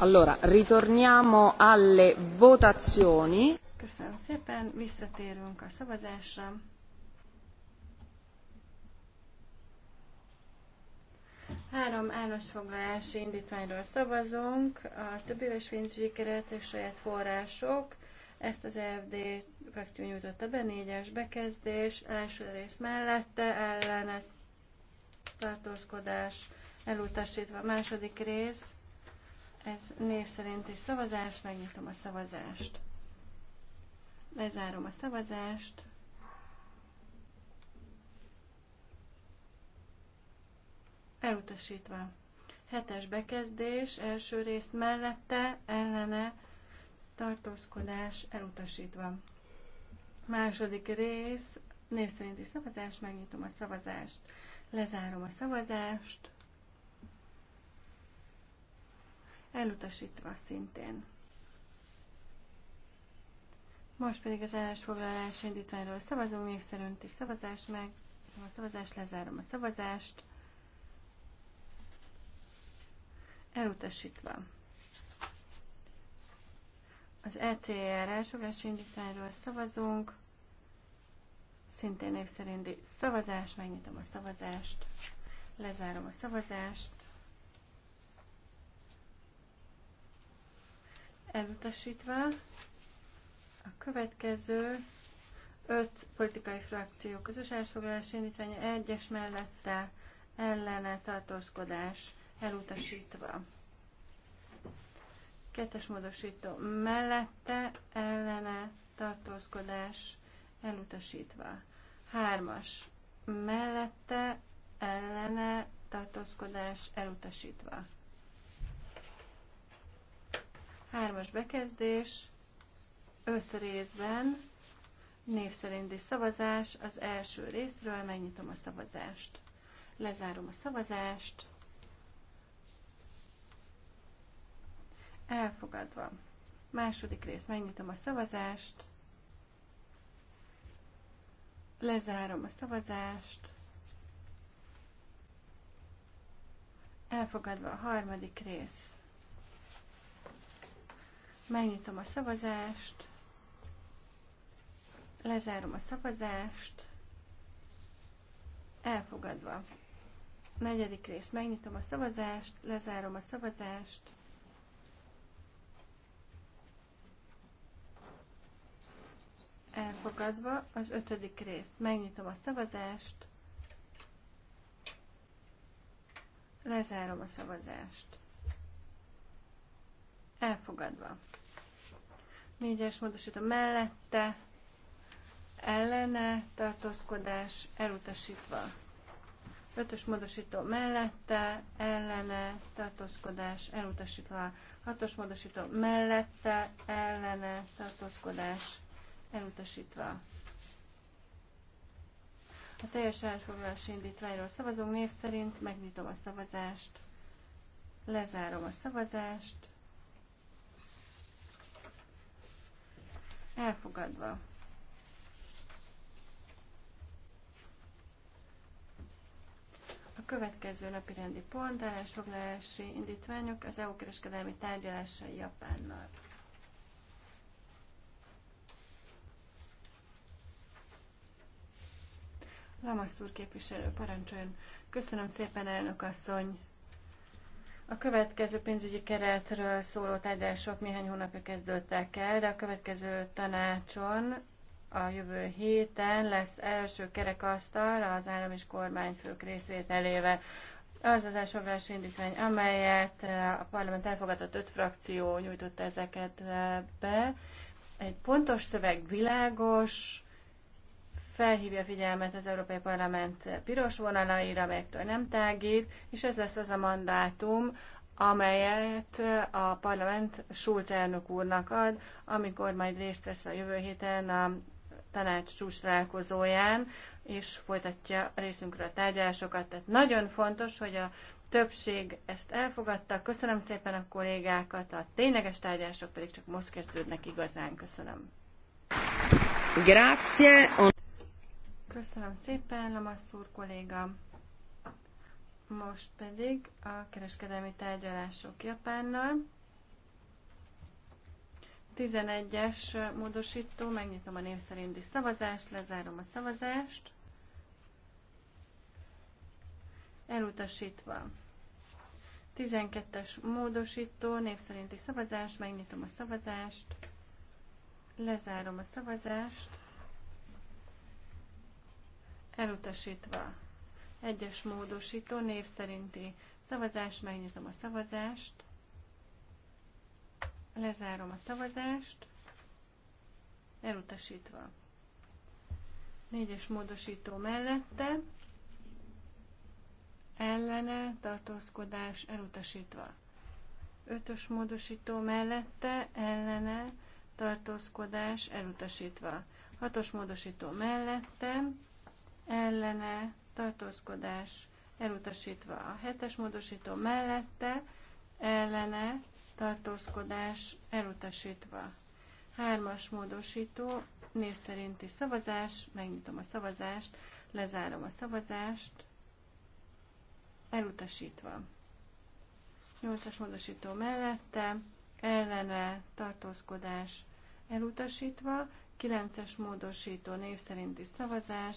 Allora, ritorniamo alle votazioni. Köszönöm szépen, visszatérünk a szavazásra. Három állásfoglalási indítványról szavazunk, a több éves pénzügyi keret és saját források, ezt az EFD frakció nyújtotta be, négyes bekezdés, első rész mellette, ellenet, tartózkodás, elutasítva, második rész, ez név is szavazás, megnyitom a szavazást. Lezárom a szavazást. Elutasítva. Hetes bekezdés, első rész mellette, ellene, tartózkodás, elutasítva. Második rész, név szerinti szavazás, megnyitom a szavazást. Lezárom a szavazást. elutasítva szintén. Most pedig az állásfoglalás indítványról szavazunk, név is szavazás meg. A szavazást lezárom a szavazást. Elutasítva. Az ECR e elsőgási indítványról szavazunk. Szintén név szerinti szavazás, megnyitom a szavazást, lezárom a szavazást. elutasítva. A következő öt politikai frakció közös elfoglalási indítványa egyes mellette ellene tartózkodás elutasítva. Kettes módosító mellette ellene tartózkodás elutasítva. Hármas mellette ellene tartózkodás elutasítva. Hármas bekezdés, öt részben, név szerinti szavazás, az első részről megnyitom a szavazást. Lezárom a szavazást. Elfogadva. Második rész, megnyitom a szavazást. Lezárom a szavazást. Elfogadva a harmadik rész. Megnyitom a szavazást. Lezárom a szavazást. Elfogadva. Negyedik rész. Megnyitom a szavazást. Lezárom a szavazást. Elfogadva az ötödik rész. Megnyitom a szavazást. Lezárom a szavazást. Elfogadva. Négyes módosító mellette ellene tartózkodás elutasítva. Ötös módosító mellette ellene tartózkodás elutasítva. Hatos módosító mellette ellene tartózkodás elutasítva. A teljes elfoglalás indítványról szavazunk név szerint, megnyitom a szavazást, lezárom a szavazást, Elfogadva. A következő napi rendi pont, állásfoglalási indítványok az EU kereskedelmi tárgyalásai Japánnal. Lamaszúr képviselő, parancsoljon. Köszönöm szépen, elnök asszony. A következő pénzügyi keretről szóló tárgyalások néhány hónapja kezdődtek el, de a következő tanácson a jövő héten lesz első kerekasztal az állam és kormányfők részvételével. Az az első indítvány, amelyet a parlament elfogadott öt frakció nyújtott ezeket be. Egy pontos szöveg, világos, felhívja figyelmet az Európai Parlament piros vonalaira, amelyektől nem tágít, és ez lesz az a mandátum, amelyet a parlament Schulz elnök úrnak ad, amikor majd részt vesz a jövő héten a tanács csúcs találkozóján, és folytatja részünkről a tárgyalásokat. Tehát nagyon fontos, hogy a többség ezt elfogadta. Köszönöm szépen a kollégákat, a tényleges tárgyalások pedig csak most kezdődnek igazán. Köszönöm. Grazie. Köszönöm szépen, Lamasszúr kolléga. Most pedig a kereskedelmi tárgyalások Japánnal. 11-es módosító, megnyitom a név szerinti szavazást, lezárom a szavazást. Elutasítva. 12-es módosító, név szerinti szavazás, megnyitom a szavazást, lezárom a szavazást elutasítva. Egyes módosító név szerinti szavazás, megnyitom a szavazást, lezárom a szavazást, elutasítva. Négyes módosító mellette, ellene tartózkodás elutasítva. Ötös módosító mellette, ellene tartózkodás elutasítva. Hatos módosító mellette, ellene tartózkodás elutasítva a hetes módosító mellette, ellene tartózkodás elutasítva. Hármas módosító, név szerinti szavazás, megnyitom a szavazást, lezárom a szavazást, elutasítva. Nyolcas módosító mellette, ellene tartózkodás elutasítva, kilences módosító név szerinti szavazás,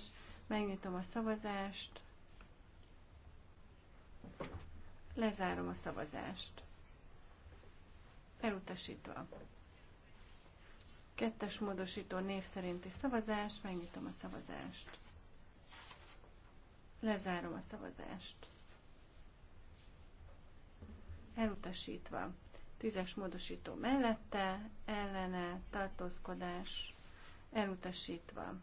Megnyitom a szavazást. Lezárom a szavazást. Elutasítva. Kettes módosító név szerinti szavazás. Megnyitom a szavazást. Lezárom a szavazást. Elutasítva. Tízes módosító mellette, ellene, tartózkodás, elutasítva.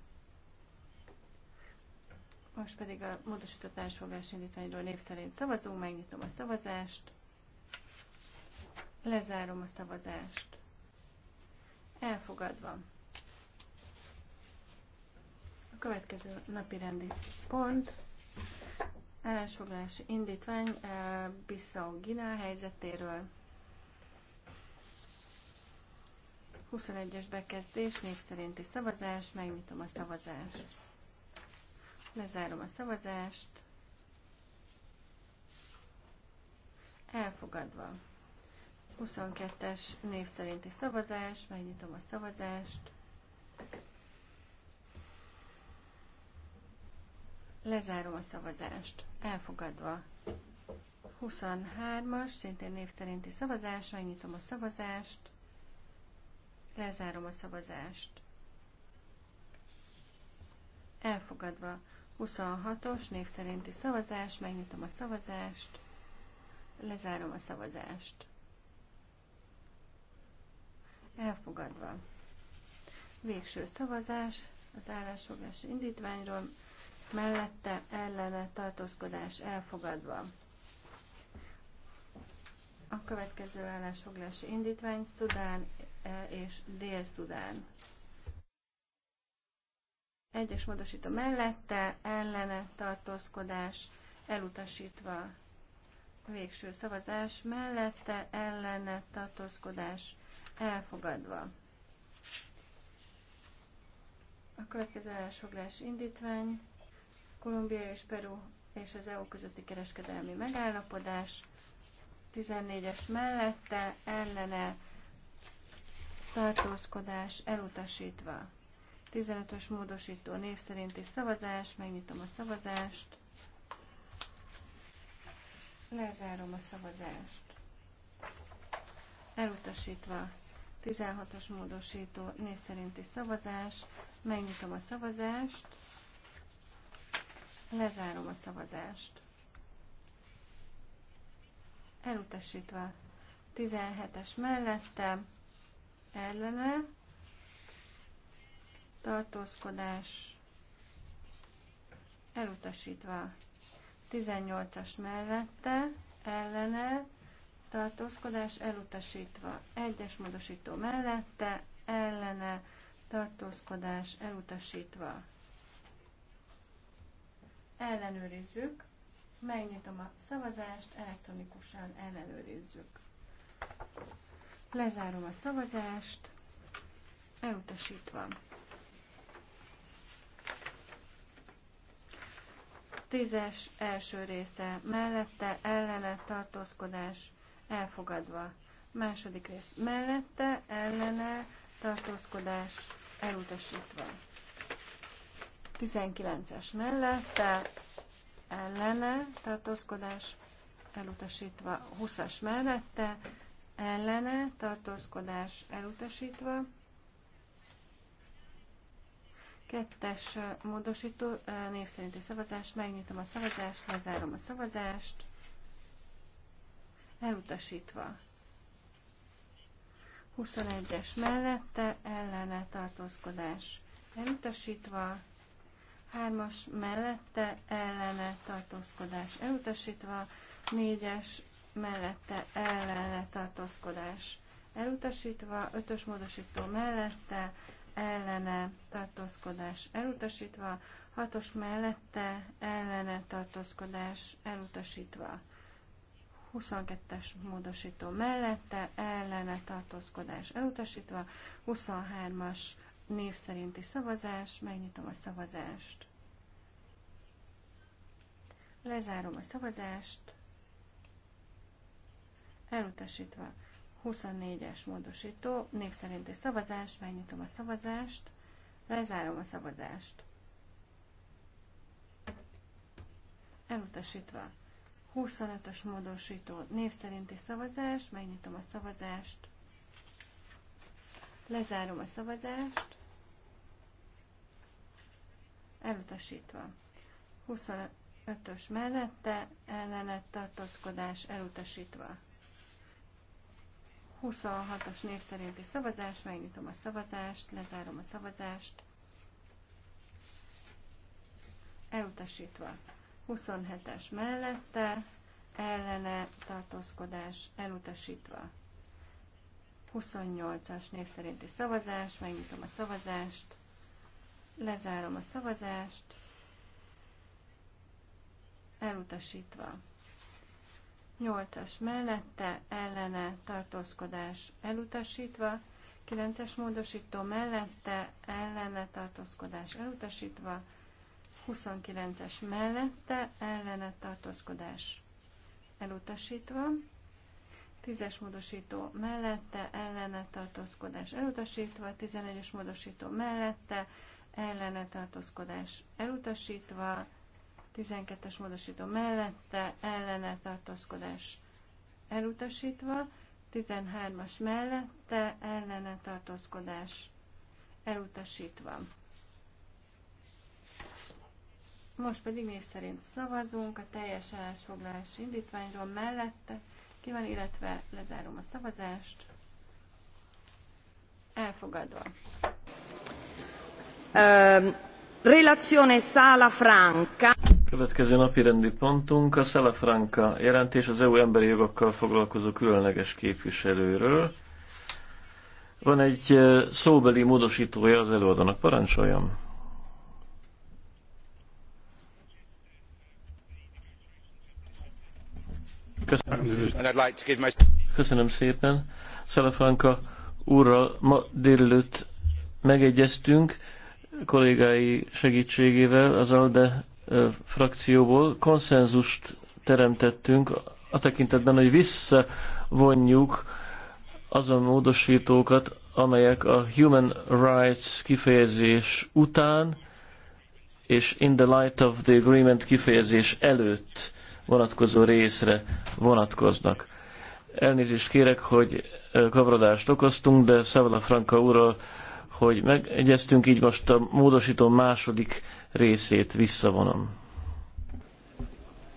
Most pedig a módosított állásfoglalás indítványról név szerint szavazunk, megnyitom a szavazást, lezárom a szavazást. Elfogadva. A következő napi rendi pont állásfoglalási indítvány eh, Bissau gina helyzetéről. 21-es bekezdés, név szerinti szavazás, megnyitom a szavazást. Lezárom a szavazást. Elfogadva. 22-es név szerinti szavazás, megnyitom a szavazást. Lezárom a szavazást. Elfogadva. 23-as, szintén név szerinti szavazás, megnyitom a szavazást. Lezárom a szavazást. Elfogadva. 26-os név szerinti szavazás, megnyitom a szavazást, lezárom a szavazást. Elfogadva. Végső szavazás az állásfoglási indítványról, mellette ellene tartózkodás elfogadva. A következő állásfoglási indítvány Szudán eh, és Dél-Szudán. Egyes módosító mellette, ellene tartózkodás elutasítva. Végső szavazás mellette, ellene tartózkodás elfogadva. A következő elsoglás indítvány, Kolumbia és Peru és az EU közötti kereskedelmi megállapodás, 14-es mellette, ellene tartózkodás elutasítva. 15-ös módosító név szerinti szavazás, megnyitom a szavazást, lezárom a szavazást. Elutasítva 16-os módosító név szerinti szavazás, megnyitom a szavazást, lezárom a szavazást. Elutasítva 17-es mellette, ellene, tartózkodás elutasítva 18-as mellette ellene tartózkodás elutasítva 1-es módosító mellette ellene tartózkodás elutasítva ellenőrizzük megnyitom a szavazást elektronikusan ellenőrizzük lezárom a szavazást elutasítva Tízes első része mellette ellene tartózkodás elfogadva. Második rész mellette ellene tartózkodás elutasítva. Tizenkilences. mellette ellene tartózkodás elutasítva. huszas mellette ellene tartózkodás elutasítva. Kettes módosító név szerinti szavazás. Megnyitom a szavazást, lezárom a szavazást. Elutasítva. 21-es mellette ellene tartózkodás. Elutasítva. 3-as mellette ellene tartózkodás. Elutasítva. 4-es mellette ellene tartózkodás. Elutasítva. 5-ös módosító mellette ellene tartózkodás elutasítva, hatos mellette ellene tartózkodás elutasítva, 22-es módosító mellette ellene tartózkodás elutasítva, 23-as név szerinti szavazás, megnyitom a szavazást. Lezárom a szavazást, elutasítva. 24-es módosító, név szerinti szavazás, megnyitom a szavazást, lezárom a szavazást. Elutasítva. 25-ös módosító, név szerinti szavazás, megnyitom a szavazást, lezárom a szavazást, elutasítva. 25-ös mellette ellenet tartózkodás elutasítva. 26-os név szerinti szavazás, megnyitom a szavazást, lezárom a szavazást. Elutasítva. 27-es mellette, ellene tartózkodás elutasítva. 28-as név szerinti szavazás, megnyitom a szavazást, lezárom a szavazást, elutasítva. 8-as mellette ellene tartózkodás elutasítva, 9-es módosító mellette ellene tartózkodás elutasítva, 29-es mellette ellene tartózkodás elutasítva, 10-es módosító mellette ellene tartózkodás elutasítva, 11-es módosító mellette ellene tartózkodás elutasítva, 12-es módosító mellette ellene tartózkodás elutasítva, 13-as mellette ellene tartózkodás elutasítva. Most pedig név szerint szavazunk a teljes állásfoglalás indítványról mellette, ki van, illetve lezárom a szavazást. Elfogadva. Um, relazione Sala Franca. Következő napi rendi pontunk a Szelefranka jelentés az EU emberi jogokkal foglalkozó különleges képviselőről. Van egy eh, szóbeli módosítója az előadónak. Parancsoljam! Köszönöm, Köszönöm szépen. Szelefranka úrral ma délelőtt megegyeztünk kollégái segítségével az ALDE frakcióból konszenzust teremtettünk a tekintetben, hogy visszavonjuk azon módosítókat, amelyek a human rights kifejezés után és in the light of the agreement kifejezés előtt vonatkozó részre vonatkoznak. Elnézést kérek, hogy kavradást okoztunk, de Szavala Franka úrral, hogy megegyeztünk, így most a módosító második részét visszavonom.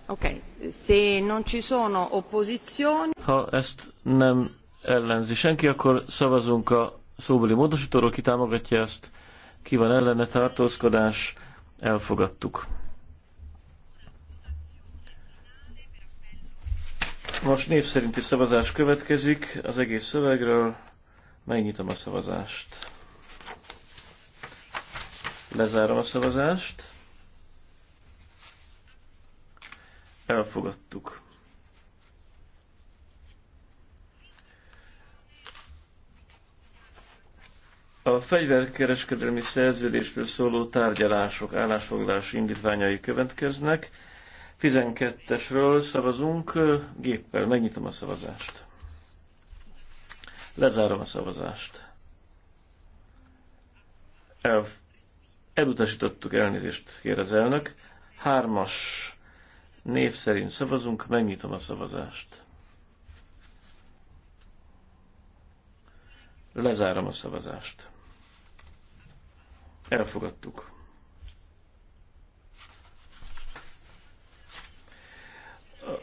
Okay. Se non ci sono opposizioni... Ha ezt nem ellenzi senki, akkor szavazunk a szóbeli módosítóról, ki támogatja ezt, ki van ellene tartózkodás, elfogadtuk. Most név szerinti szavazás következik az egész szövegről. Megnyitom a szavazást. Lezárom a szavazást. Elfogadtuk. A fegyverkereskedelmi szerződésről szóló tárgyalások állásfoglalás indítványai következnek. 12-esről szavazunk géppel. Megnyitom a szavazást. Lezárom a szavazást. Elf Elutasítottuk elnézést, kér az elnök. Hármas név szerint szavazunk, megnyitom a szavazást. Lezárom a szavazást. Elfogadtuk.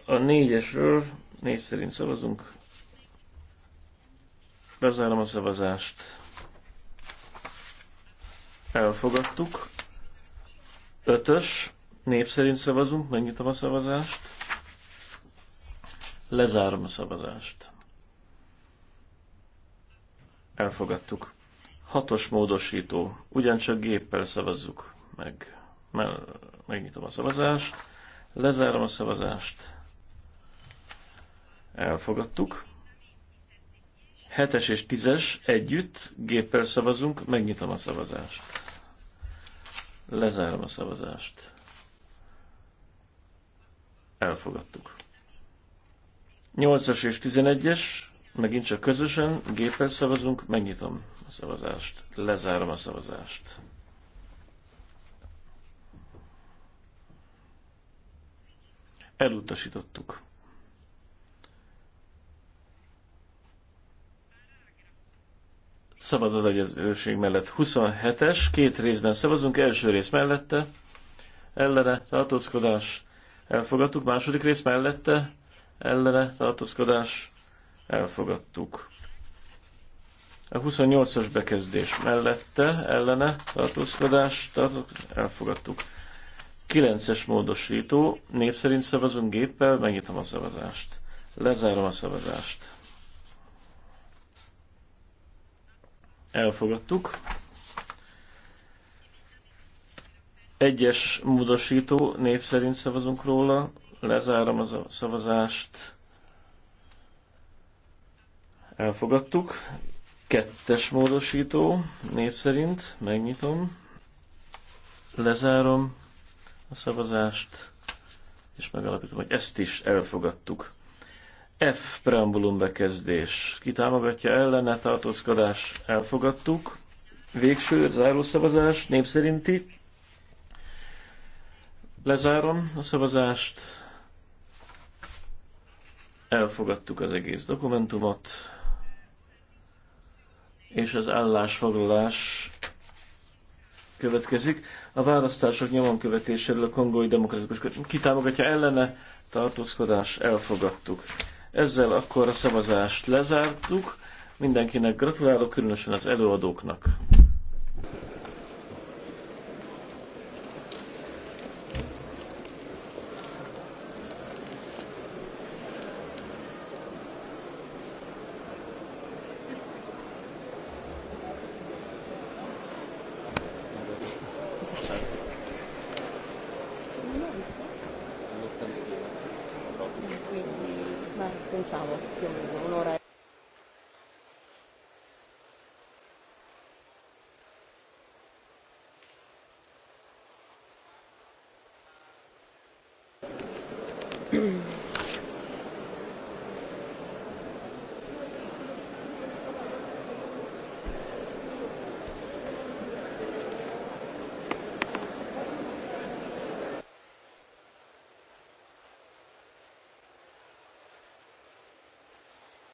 A négyesről név szerint szavazunk. Lezárom a szavazást. Elfogadtuk. Ötös. Név szerint szavazunk. Megnyitom a szavazást. Lezárom a szavazást. Elfogadtuk. Hatos módosító. Ugyancsak géppel szavazzuk meg. Megnyitom a szavazást. Lezárom a szavazást. Elfogadtuk. 7-es és 10-es együtt géppel szavazunk, megnyitom a szavazást. Lezárom a szavazást. Elfogadtuk. 8-as és 11-es, megint csak közösen, géppel szavazunk, megnyitom a szavazást. Lezárom a szavazást. Elutasítottuk. szabad adagyezelőség mellett 27-es, két részben szavazunk, első rész mellette, ellene tartózkodás, elfogadtuk, második rész mellette, ellene tartózkodás, elfogadtuk. A 28-as bekezdés mellette, ellene tartózkodás, tartózkodás elfogadtuk. 9-es módosító, név szerint szavazunk géppel, megnyitom a szavazást. Lezárom a szavazást. elfogadtuk. Egyes módosító név szerint szavazunk róla. Lezárom a szavazást. Elfogadtuk. Kettes módosító név szerint. Megnyitom. Lezárom a szavazást. És megalapítom, hogy ezt is elfogadtuk. F preambulum bekezdés. Ki támogatja ellene tartózkodás? Elfogadtuk. Végső zárószavazás, népszerinti. Lezárom a szavazást. Elfogadtuk az egész dokumentumot, és az állásfoglalás következik. A választások nyomon követéséről a kongói demokratikus ki támogatja ellene tartózkodás elfogadtuk. Ezzel akkor a szavazást lezártuk. Mindenkinek gratulálok, különösen az előadóknak. pensavo più o meno un'ora e